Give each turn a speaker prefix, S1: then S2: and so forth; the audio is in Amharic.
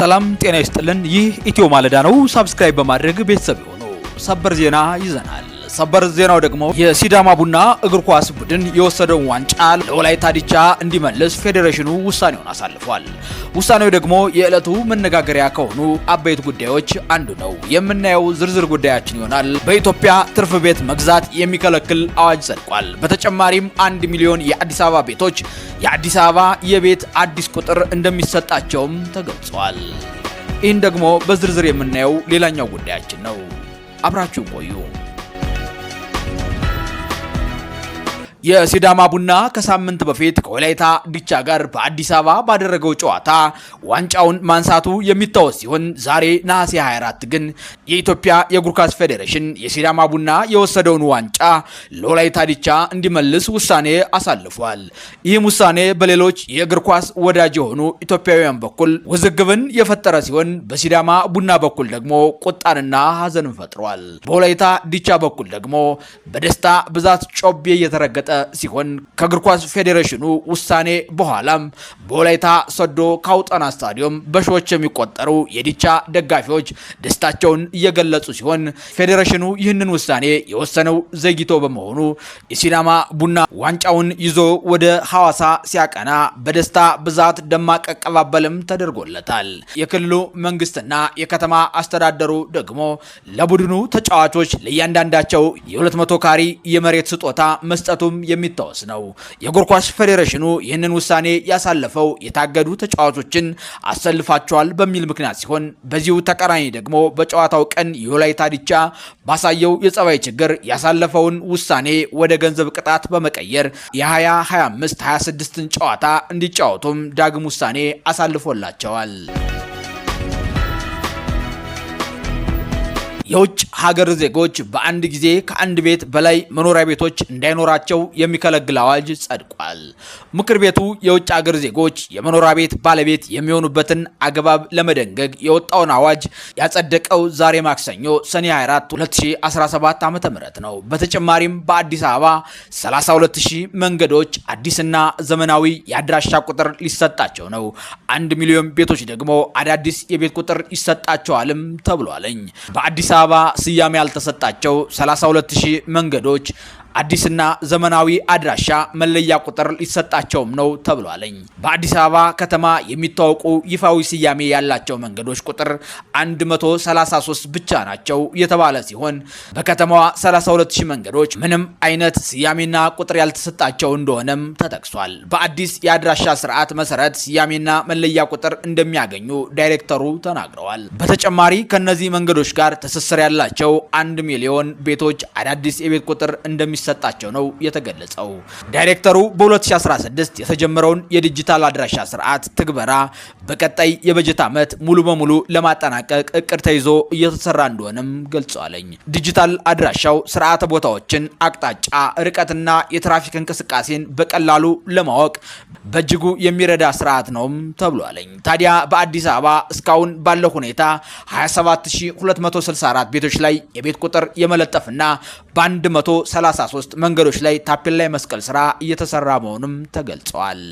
S1: ሰላም ጤና ይስጥልን። ይህ ኢትዮ ማለዳ ነው። ሳብስክራይብ በማድረግ ቤተሰብ የሆኑ ሰበር ዜና ይዘናል። ሰበር ዜናው ደግሞ የሲዳማ ቡና እግር ኳስ ቡድን የወሰደውን ዋንጫ ለወላይታ ዲቻ እንዲመልስ ፌዴሬሽኑ ውሳኔውን አሳልፏል። ውሳኔው ደግሞ የዕለቱ መነጋገሪያ ከሆኑ አበይት ጉዳዮች አንዱ ነው። የምናየው ዝርዝር ጉዳያችን ይሆናል። በኢትዮጵያ ትርፍ ቤት መግዛት የሚከለክል አዋጅ ጸድቋል። በተጨማሪም አንድ ሚሊዮን የአዲስ አበባ ቤቶች የአዲስ አበባ የቤት አዲስ ቁጥር እንደሚሰጣቸውም ተገልጿል። ይህን ደግሞ በዝርዝር የምናየው ሌላኛው ጉዳያችን ነው። አብራችሁን ቆዩ። የሲዳማ ቡና ከሳምንት በፊት ከወላይታ ዲቻ ጋር በአዲስ አበባ ባደረገው ጨዋታ ዋንጫውን ማንሳቱ የሚታወስ ሲሆን ዛሬ ነሐሴ 24 ግን የኢትዮጵያ የእግር ኳስ ፌዴሬሽን የሲዳማ ቡና የወሰደውን ዋንጫ ለወላይታ ዲቻ እንዲመልስ ውሳኔ አሳልፏል። ይህም ውሳኔ በሌሎች የእግር ኳስ ወዳጅ የሆኑ ኢትዮጵያውያን በኩል ውዝግብን የፈጠረ ሲሆን፣ በሲዳማ ቡና በኩል ደግሞ ቁጣንና ሐዘንን ፈጥሯል። በወላይታ ዲቻ በኩል ደግሞ በደስታ ብዛት ጮቤ እየተረገጠ ሲሆን ከእግር ኳስ ፌዴሬሽኑ ውሳኔ በኋላም በወላይታ ሶዶ ካውጠና ስታዲየም በሺዎች የሚቆጠሩ የዲቻ ደጋፊዎች ደስታቸውን እየገለጹ ሲሆን ፌዴሬሽኑ ይህንን ውሳኔ የወሰነው ዘግይቶ በመሆኑ የሲዳማ ቡና ዋንጫውን ይዞ ወደ ሐዋሳ ሲያቀና በደስታ ብዛት ደማቅ አቀባበልም ተደርጎለታል። የክልሉ መንግስትና የከተማ አስተዳደሩ ደግሞ ለቡድኑ ተጫዋቾች ለእያንዳንዳቸው የ200 ካሪ የመሬት ስጦታ መስጠቱም የሚታወስ ነው። የእግር ኳስ ፌዴሬሽኑ ይህንን ውሳኔ ያሳለፈው የታገዱ ተጫዋቾችን አሰልፋቸዋል በሚል ምክንያት ሲሆን በዚሁ ተቃራኒ ደግሞ በጨዋታው ቀን የወላይታ ዲቻ ባሳየው የጸባይ ችግር ያሳለፈውን ውሳኔ ወደ ገንዘብ ቅጣት በመቀየር የ2025 26ን ጨዋታ እንዲጫወቱም ዳግም ውሳኔ አሳልፎላቸዋል። የውጭ ሀገር ዜጎች በአንድ ጊዜ ከአንድ ቤት በላይ መኖሪያ ቤቶች እንዳይኖራቸው የሚከለክል አዋጅ ጸድቋል። ምክር ቤቱ የውጭ ሀገር ዜጎች የመኖሪያ ቤት ባለቤት የሚሆኑበትን አግባብ ለመደንገግ የወጣውን አዋጅ ያጸደቀው ዛሬ ማክሰኞ ሰኔ 24 2017 ዓ ም ነው። በተጨማሪም በአዲስ አበባ 32000 መንገዶች አዲስና ዘመናዊ የአድራሻ ቁጥር ሊሰጣቸው ነው። አንድ ሚሊዮን ቤቶች ደግሞ አዳዲስ የቤት ቁጥር ይሰጣቸዋልም ተብሏለኝ በአዲስ አበባ ስያሜ ያልተሰጣቸው 32000 መንገዶች አዲስና ዘመናዊ አድራሻ መለያ ቁጥር ሊሰጣቸውም ነው ተብሏለኝ። በአዲስ አበባ ከተማ የሚታወቁ ይፋዊ ስያሜ ያላቸው መንገዶች ቁጥር 133 ብቻ ናቸው የተባለ ሲሆን በከተማዋ 32000 መንገዶች ምንም አይነት ስያሜና ቁጥር ያልተሰጣቸው እንደሆነም ተጠቅሷል። በአዲስ የአድራሻ ስርዓት መሰረት ስያሜና መለያ ቁጥር እንደሚያገኙ ዳይሬክተሩ ተናግረዋል። በተጨማሪ ከነዚህ መንገዶች ጋር ትስስር ያላቸው አንድ ሚሊዮን ቤቶች አዳዲስ የቤት ቁጥር እንደሚ እንደሚሰጣቸው ነው የተገለጸው። ዳይሬክተሩ በ2016 የተጀመረውን የዲጂታል አድራሻ ስርዓት ትግበራ በቀጣይ የበጀት ዓመት ሙሉ በሙሉ ለማጠናቀቅ እቅድ ተይዞ እየተሰራ እንደሆነም ገልጿለኝ። ዲጂታል አድራሻው ስርዓተ ቦታዎችን፣ አቅጣጫ፣ ርቀትና የትራፊክ እንቅስቃሴን በቀላሉ ለማወቅ በእጅጉ የሚረዳ ስርዓት ነውም ተብሏለኝ። ታዲያ በአዲስ አበባ እስካሁን ባለው ሁኔታ 27264 ቤቶች ላይ የቤት ቁጥር የመለጠፍና በ133 መንገዶች ላይ ታፔላ የመስቀል ስራ እየተሰራ መሆኑም ተገልጸዋል።